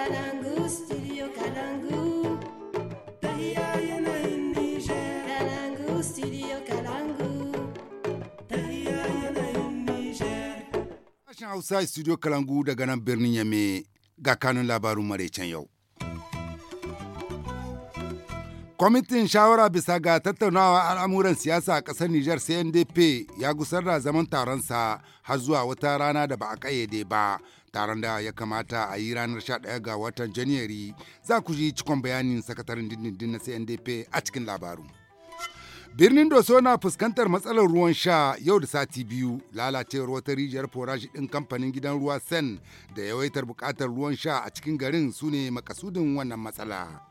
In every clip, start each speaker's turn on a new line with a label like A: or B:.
A: Kalangu, studio Kalangu. yanayin Nijar. Kalangu, studio Kalangu.
B: Hausa studio Kalangu daga nan birnin Yame ga kanun labarun maraicen yau. Kwamitin shawara bisa ga tattaunawa al'amuran siyasa a ƙasar Nijar CNDP ya gusar da zaman taronsa har zuwa wata rana da ba a ƙayyade ba. Taron da ya kamata a yi ranar 11 ga watan Janairu za ku ji cikon bayanin sakataren dindindin na CNDP a cikin labaru. Birnin Doso na fuskantar matsalar ruwan sha yau da sati biyu lalacewar wata rijiyar forashi ɗin kamfanin gidan ruwa Sen da yawaitar buƙatar ruwan sha a cikin garin su ne makasudin wannan matsala.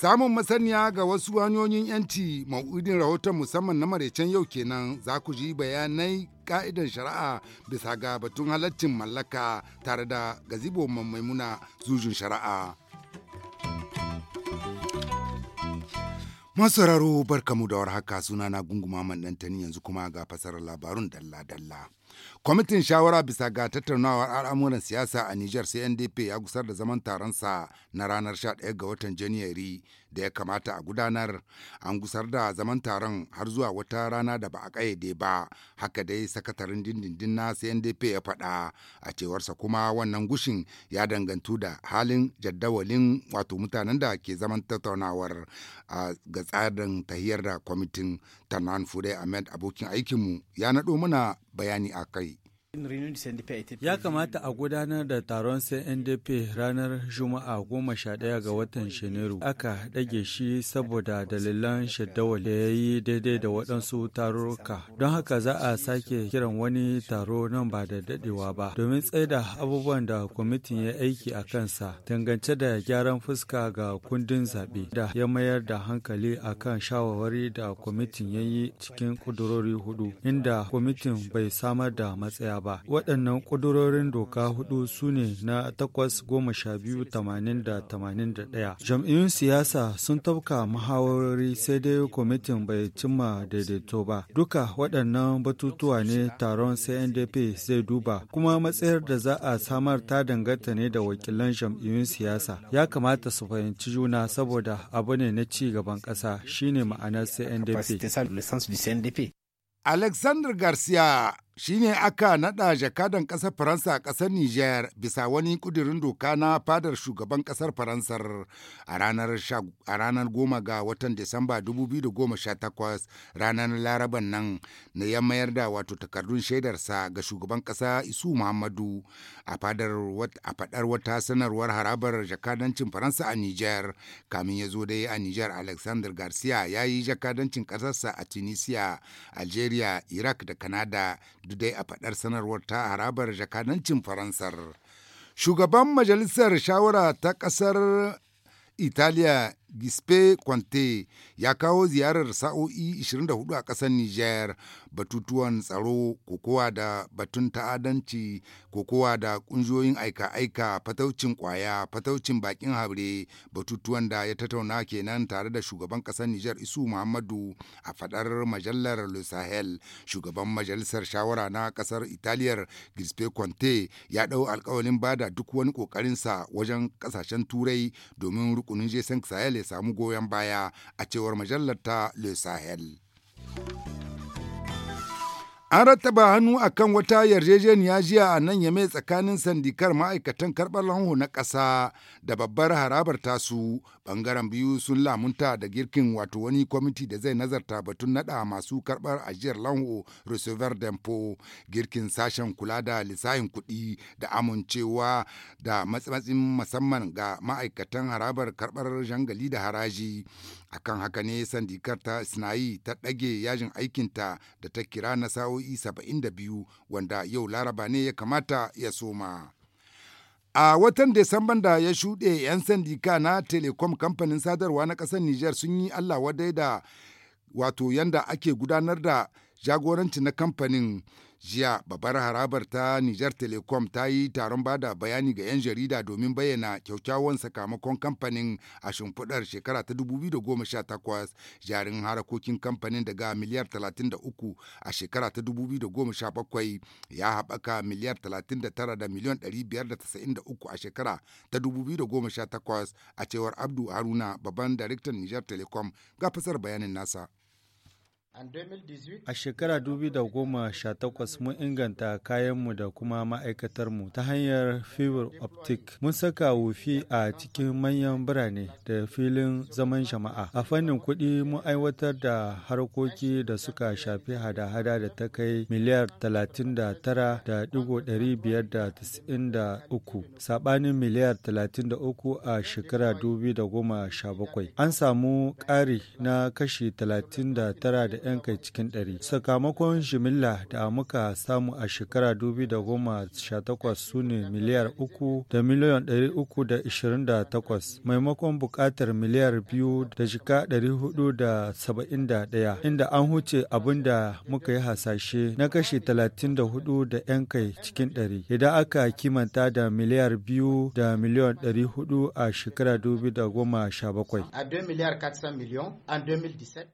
B: Samun masaniya ga wasu hanyoyin 'yanci ma'udin rahoton musamman na maraicen yau kenan za ku ji bayanai ka'idan shari'a bisa ga batun halaccin mallaka tare da gazibo maimuna zujin shari'a. Masararo barkamu da warhaka na gunguma man ɗantani yanzu kuma ga fasarar labarun dalla-dalla. Kwamitin shawara bisa ga tattaunawar al'amuran siyasa a Nijar sai NDP ya gusar da zaman taronsa na ranar 11 ga watan Janairu da ya kamata a gudanar. An gusar da zaman taron har zuwa wata rana da ba a ƙayyade ba, haka dai sakatarin dindindin na sai NDP ya faɗa. A cewarsa kuma wannan gushin ya dangantu da halin jaddawalin wato mutanen da ke zaman tattaunawar ga tsarin tahiyar da kwamitin Dr. Fude Ahmed abokin aikinmu ya naɗo mana bayani a kai.
C: Ya kamata a gudanar da taron CNDP ranar Juma'a goma sha ɗaya ga watan Janairu. Aka ɗage shi saboda dalilan shaddawal da ya yi daidai da waɗansu tarurruka. Don haka za a sake kiran wani taro nan ba da daɗewa ba. Domin tsaida abubuwan da kwamitin ya aiki a kansa dangance da gyaran fuska ga kundin zaɓe da ya mayar da hankali a kan shawarwari da kwamitin ya yi cikin ƙudurori hudu inda kwamitin bai samar da matsaya ba. ba waɗannan ƙudurorin doka hudu su ne na takwas goma sha biyu tamanin da tamanin da ɗaya jam'iyyun siyasa sun tafka muhawarori sai dai kwamitin bai cimma daidaito ba duka waɗannan batutuwa ne taron cndp zai duba kuma matsayar da za a samar ta danganta ne da wakilan jam'iyyun siyasa ya kamata su fahimci juna saboda
B: abu ne na ci gaban ƙasa shine ma'anar cndp alexander garcia shi ne aka naɗa jakadan ƙasar faransa a ƙasar niger bisa wani ƙudurin doka na fadar shugaban ƙasar faransar a ranar goma ga watan disamba 2018 ranar laraban nan na ya mayar da wato takardun shaidarsa ga shugaban ƙasa isu muhammadu a fadar wata sanarwar harabar jakadancin faransa a niger kamin ya zo dai a niger alexander garcia ya yi jakadancin ƙasarsa a tunisia algeria iraq da Kanada. dai a faɗar sanarwar ta harabar jakanancin Faransar. Shugaban Majalisar Shawara ta ƙasar Italiya Gispe Kwante ya kawo ziyarar sa'o'i 24 a ƙasar Nijar batutuwan tsaro, kokowa da batun ta'adanci, kokowa da ƙungiyoyin aika-aika, fataucin ƙwaya, fataucin bakin habre, batutuwan da ya tattauna kenan tare da shugaban ƙasar Nijar Isu Muhammadu a fadar majallar Le Sahel. Shugaban majalisar shawara na ƙasar Italiyar Gispe Kwante ya ɗau alƙawalin bada duk wani ƙoƙarinsa wajen kasashen Turai domin rukunin Jason Sahel samu goyon baya a cewar majallar ta Le Sahel. An rattaba hannu a kan wata yarjejeniya jiya a nan yame tsakanin sandikar ma'aikatan karɓar lanho na ƙasa da babbar harabar tasu ɓangaren biyu sun lamunta da girkin wato wani kwamiti da zai nazarta batun naɗa masu karɓar ajiyar lanho receiver dempo girkin sashen kula da lissahin kuɗi da amincewa da matsamatsin musamman ga ma'aikatan harabar karɓar jangali da haraji akan haka ne sandikar ta sinayi ta ɗage yajin aikinta da ta kira na sa'o'i 72 wanda yau laraba ne ya kamata ya soma a watan Desamban da ya shuɗe 'yan sandika na telecom kamfanin sadarwa na ƙasar nijar sun yi allah wadai da wato yanda ake gudanar da jagoranci na kamfanin jiya babbar harabar ta niger telecom ta yi taron bada bayani ga 'yan jarida domin bayyana kyaukyawan sakamakon kamfanin a shimfiɗar shekara ta 2018 jarin harakokin kamfanin daga miliyar 33 a shekara ta 2017 ya haɓaka miliyar 39 da miliyan 593 a shekara ta 2018 a cewar abdu haruna babban daraktan niger telecom ga fasar bayanin nasa A shekara
C: takwas mun inganta kayanmu da kuma ma'aikatarmu ta hanyar fiber optic. Mun saka wufi a cikin manyan birane da filin zaman jama'a. A fannin kuɗi mun aiwatar da harkoki da suka shafi hada-hada da ta kai miliyar uku, saɓanin miliyar uku a shekara bakwai. An samu ƙari na kashi tara da 'yan kai cikin ɗari. Sakamakon jimilla da muka samu a shekara takwas su ne miliyar uku da miliyan ɗari uku da ishirin da takwas maimakon buƙatar miliyar biyu da jika ɗari hudu da saba'in da ɗaya inda an huce abin da muka yi hasashe na kashi talatin da hudu da 'yan kai cikin ɗari idan aka kimanta da miliyar biyu da miliyan ɗari hudu a shekara 2017. da goma sha bakwai. A
A: 2 miliyar 400 miliyan a 2017.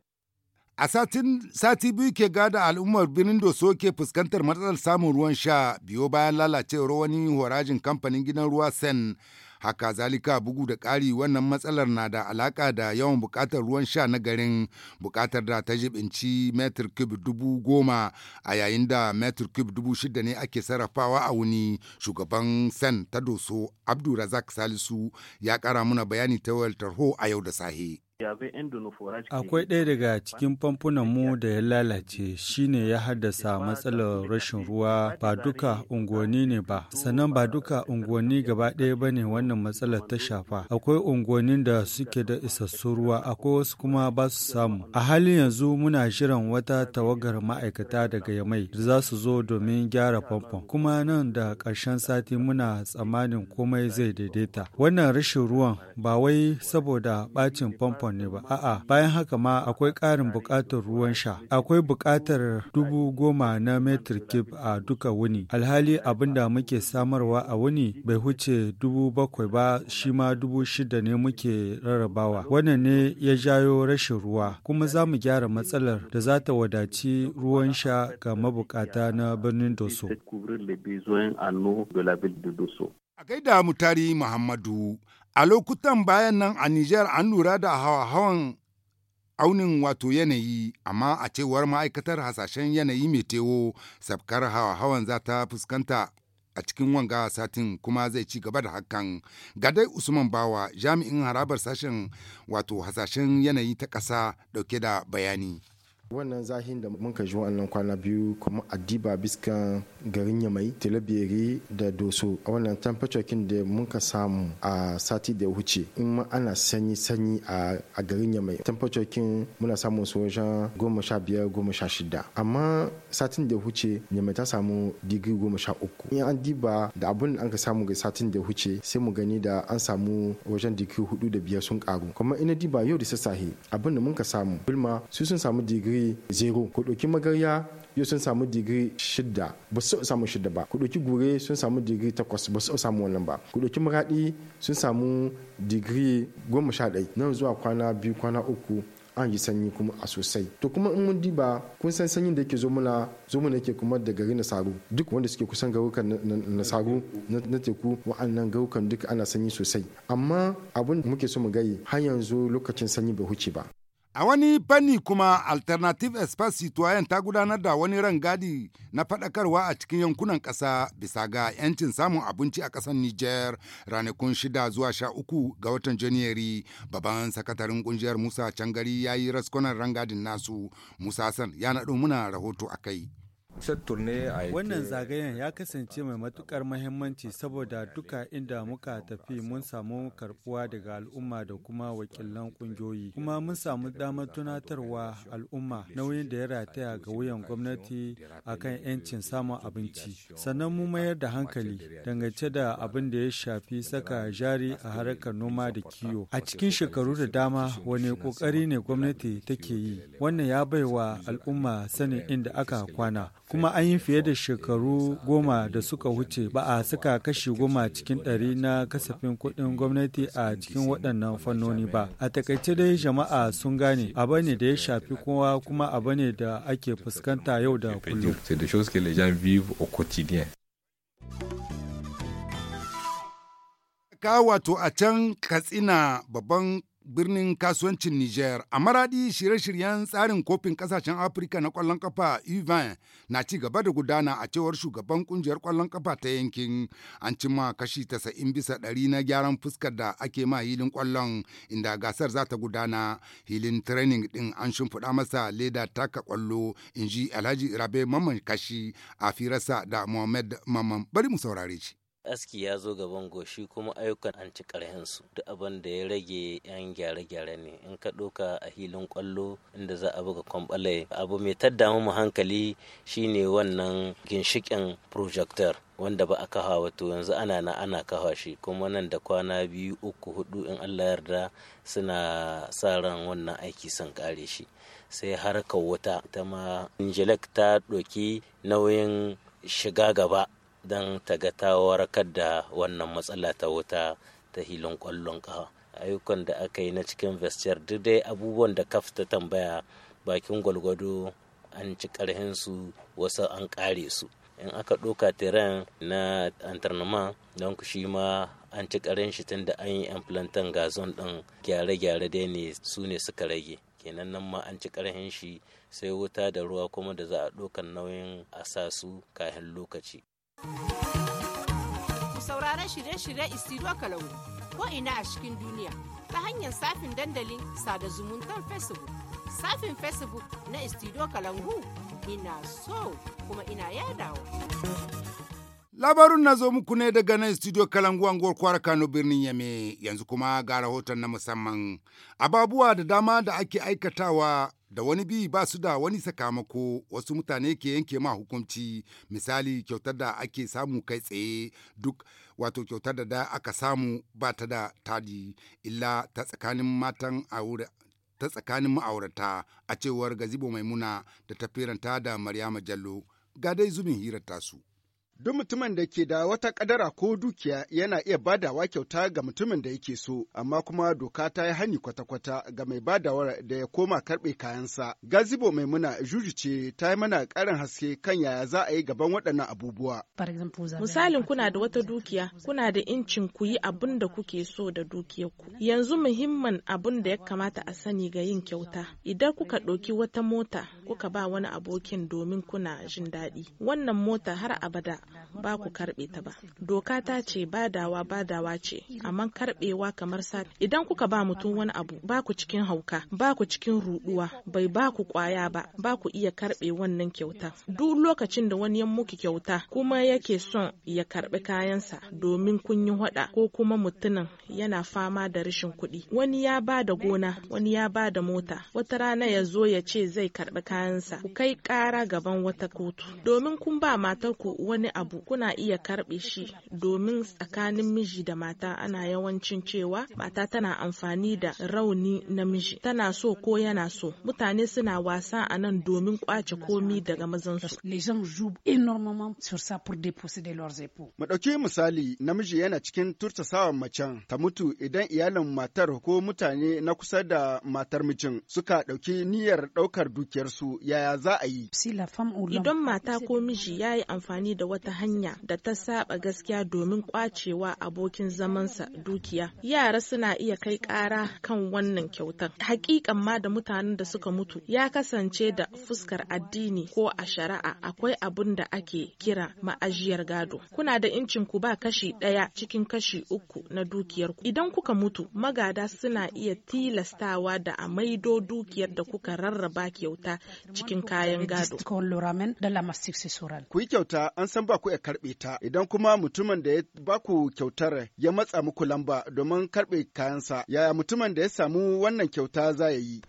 B: A satin sati biyu ke gada al'ummar birnin Doso ke fuskantar matsalar samun ruwan sha biyo bayan lalacewar wani horajin kamfanin gidan ruwa Sen. Haka zalika bugu da ƙari wannan matsalar na da alaƙa da yawan buƙatar ruwan sha na garin buƙatar da ta jibinci metr cube dubu goma a yayin da metr cube dubu shida ne ake sarrafawa a wuni shugaban Sen ta Doso Abdulrazak Salisu ya ƙara muna bayani ta tarho a yau da sahe.
C: Akwai ɗaya daga cikin famfunan mu da ya lalace shine ya haddasa matsalar rashin ruwa ba duka unguwanni ne ba, sannan ba duka unguwanni gaba ɗaya ba ne wannan matsalar ta shafa. Akwai unguwannin da suke da isassun ruwa, akwai wasu kuma ba su samu. A halin yanzu muna shirin wata tawagar ma'aikata daga Yamai da za su zo domin gyara famfon. Kuma nan da ƙarshen sati muna tsammanin komai zai daidaita. Wannan rashin ruwan ba wai saboda ɓacin famfon ne ba a'a bayan haka ma akwai ƙarin buƙatar ruwan sha akwai buƙatar dubu goma na metir kib a duka wuni alhali abin da muke samarwa a wuni bai huce dubu bakwai ba shi ma dubu shida ne muke rarrabawa wannan ne ya jayo rashin ruwa kuma za mu gyara matsalar da za ta wadaci ruwan sha
B: ga mabuƙata na birnin doso a gaida mutari muhammadu A lokutan bayan nan a Nijar an lura da hawa-hawan aunin wato yanayi amma a cewar ma'aikatar hasashen yanayi mai tewo sabkar hawa-hawan za ta fuskanta a cikin wanga satin kuma zai ci gaba da hakan gadai usman bawa jami'in harabar sashen wato hasashen yanayi ta ƙasa dauke da bayani
A: wannan zahin da mun ka ji wannan kwana biyu kuma adiba biskan garin yamai tilabiri da doso a wannan temperature kin da mun ka samu a sati da wuce in ma ana sanyi sanyi a garin yamai temperature kin muna samun su wajen goma sha biyar goma sha shida amma satin da wuce yamai ta samu digiri goma sha uku in an diba da abun da an ka samu ga satin da wuce sai mu gani da an samu wajen digiri hudu da biyar sun karu kuma ina diba yau da sassahe abin da mun ka samu bilma su sun samu digiri digiri zero ku ɗauki magarya yau sun samu digiri shida ba su samu shida ba ku ɗauki gure sun samu digiri takwas ba su samu wannan ba ku ɗauki maraɗi sun samu digiri goma sha ɗai nan zuwa kwana biyu kwana uku an yi sanyi kuma a sosai to kuma in mun diba kun san sanyin da yake zo mana zo mana yake kuma da gari na saru duk wanda suke kusan garukan saru na teku wa'annan garukan duk ana sanyi sosai amma abin da muke so mu gayi har yanzu lokacin sanyi
B: bai huce ba A wani fanni kuma Alternative Express Citoyen ta gudanar da wani rangadi na fadakarwa a cikin yankunan ƙasa bisa ga 'yancin samun abinci a ƙasar niger ranakun shida zuwa sha uku ga watan Janairu. Babban sakataren ƙungiyar Musa Cangari ya yi raskunan rangadin nasu. Musa San ya naɗo muna rahoto a kai. Wannan
C: zagayen ya kasance mai matukar mahimmanci saboda duka inda muka tafi mun samu karbuwa daga al'umma da kuma wakilan kungiyoyi. Kuma mun samu damar tunatarwa al'umma nauyin da ya rataya ga wuyan gwamnati kan 'yancin samun abinci. Sannan mu mayar da hankali dangance da abin da ya shafi saka jari a harkar noma da kiwo. A cikin shekaru da dama wani kokari ne gwamnati take yi. Wannan ya baiwa al'umma sanin inda aka kwana. kuma an yi fiye da shekaru goma da suka wuce ba a saka kashi goma cikin ɗari na kasafin kuɗin gwamnati a cikin waɗannan fannoni ba a takaice dai jama'a sun gane abu ne da ya shafi kowa kuma abu ne da ake fuskanta yau da kullum
B: ka wato a can katsina babban birnin kasuwancin Niger. A maradi shirye-shiryen tsarin kofin kasashen Afirka na kwallon kafa Ivan na ci gaba da gudana a cewar shugaban kungiyar kwallon kafa ta yankin. An cimma kashi 90 bisa ɗari na gyaran fuskar da ake ma hilin kwallon inda gasar za ta gudana. Hilin training ɗin an shimfiɗa masa leda taka kwallo inji Alhaji Rabe Mamman Kashi a firarsa da Muhammad Mamman. Bari mu saurare shi.
D: aski ya zo gaban goshi kuma ayyukan an ci su duk abin da ya rage yan gyare-gyare ne in ka doka a hilin kwallo inda za a buga kwamɓale abu mai tadda mu hankali shine wannan ginshikin projector wanda ba a kawa wato yanzu ana na ana kawa shi kuma nan da kwana biyu uku hudu in allah yarda suna sa ran wannan aiki sun kare shi sai harkar wuta ta ma ta ɗoki nauyin shiga gaba don ta ga ta warkar da wannan matsala ta wuta ta hilin kwallon ƙafa ayyukan da aka yi na cikin vestiyar duk dai abubuwan da kafta tambaya bakin gwalgwado an ci su wasu an ƙare su in aka ɗoka tiran na antarnama don ku shi ma an ci ƙarin shi tun da an yi implantan gazon ɗin gyare-gyare dai ne su ne suka rage kenan nan ma an ci karhin shi sai wuta da ruwa kuma da za a ɗokan nauyin a sa su kahin lokaci
E: Ku saurari shirye shiryen Isiro Kalau ko ina a cikin duniya ta hanyar safin dandalin sada zumuntar Facebook. Safin Facebook na Isiro Kalangu ina so kuma ina yadawa.
B: Labarun na zo muku ne daga nan studio Kalangu anguwar kwara Kano birnin Yame yanzu kuma ga rahoton na musamman. Ababuwa da dama da ake aikatawa da wani bi ba su da wani sakamako wasu mutane ke yanke ma hukunci misali kyautar da ake samu kai tsaye duk wato kyautar da aka samu ba ta da tadi illa ta tsakanin matan aure ta tsakanin ma'aurata a cewar gazibo maimuna da ta firanta da maryama jallo ga dai zubin hirar tasu Duk mutumin da ke da wata kadara ko dukiya yana iya badawa kyauta ga mutumin da yake so, amma kuma doka ta yi hani kwata-kwata ga mai badawar da ya koma karɓe kayansa. Gazibo Maimuna Juju ce ta yi mana ƙarin haske kan yaya za a yi gaban waɗannan abubuwa.
E: Misalin kuna da wata dukiya, kuna da incin ku yi abin da kuke so da dukiyarku. Yanzu muhimmin abin da ya kamata a sani ga yin kyauta. Idan kuka ɗauki wata mota, kuka ba wani abokin domin kuna jin daɗi. Wannan mota har abada ba ku karɓe ta ba. Doka ta ce badawa badawa ce, amma karɓewa kamar sa idan kuka ba mutum wani abu ba ku cikin hauka, ba ku cikin ruduwa. bai ba ku kwaya ba, ba ku iya karɓe wannan kyauta. Duk lokacin da wani ya muku kyauta kuma yake son ya karɓi kayansa domin kun yi hwada. ko kuma mutumin yana fama da rashin kuɗi. Wani ya ba da gona, wani ya ba da mota, wata rana ya zo ya ce zai karɓi kayansa. Ku kai kara gaban wata kotu. Domin kun ba matarku wani abu abu kuna iya karɓe shi domin tsakanin miji da mata ana yawancin cewa mata tana amfani da rauni na miji tana so ko yana so mutane suna wasa a nan domin kwace komi daga mazansu.
B: Mu ɗauki misali namiji yana cikin turtasawa macen ta mutu idan iyalin matar ko mutane na kusa da matar mijin suka ɗauki niyyar ɗaukar dukiyarsu yaya za a yi. Idan
E: mata ko miji ya yi amfani da wata ta hanya da ta saba gaskiya domin kwacewa abokin zamansa dukiya yara suna iya kai kara kan wannan kyautar hakikan ma da mutanen da suka mutu ya kasance da fuskar addini ko a shari'a akwai abin da ake kira ma'ajiyar gado kuna da incin ku ba kashi ɗaya cikin kashi uku na dukiyar ku idan kuka mutu magada suna iya tilastawa da a maido dukiyar da kuka rarraba kyauta cikin kayan gado
B: ku kyauta an san ba ku ya karɓe ta idan kuma mutumin da ya ba ku kyautar ya matsa muku lamba domin karɓe kayansa yaya mutumin da ya samu wannan kyauta
A: za ya yi.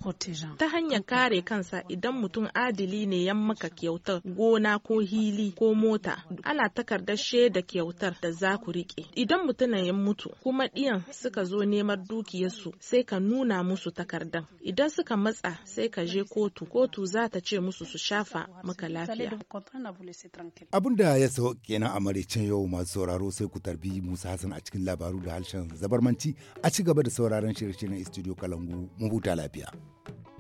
E: Ta hanyar kare kansa idan mutum adili ne ya maka kyautar gona ko hili ko mota ana takardar shaida kyautar da za ku riƙe. Idan mutumin ya mutu kuma ɗiyan suka zo neman dukiyarsu sai ka nuna musu takardar Idan suka matsa sai ka je kotu kotu za ta ce musu su shafa maka lafiya.
B: Abin da ya so kenan a maraicin yau masu sauraro sai ku tarbi Musa Hassan a cikin labaru da harshen zabarmanci a ci gaba da sauraron shirye-shiryen Studio Kalangu mu huta lafiya.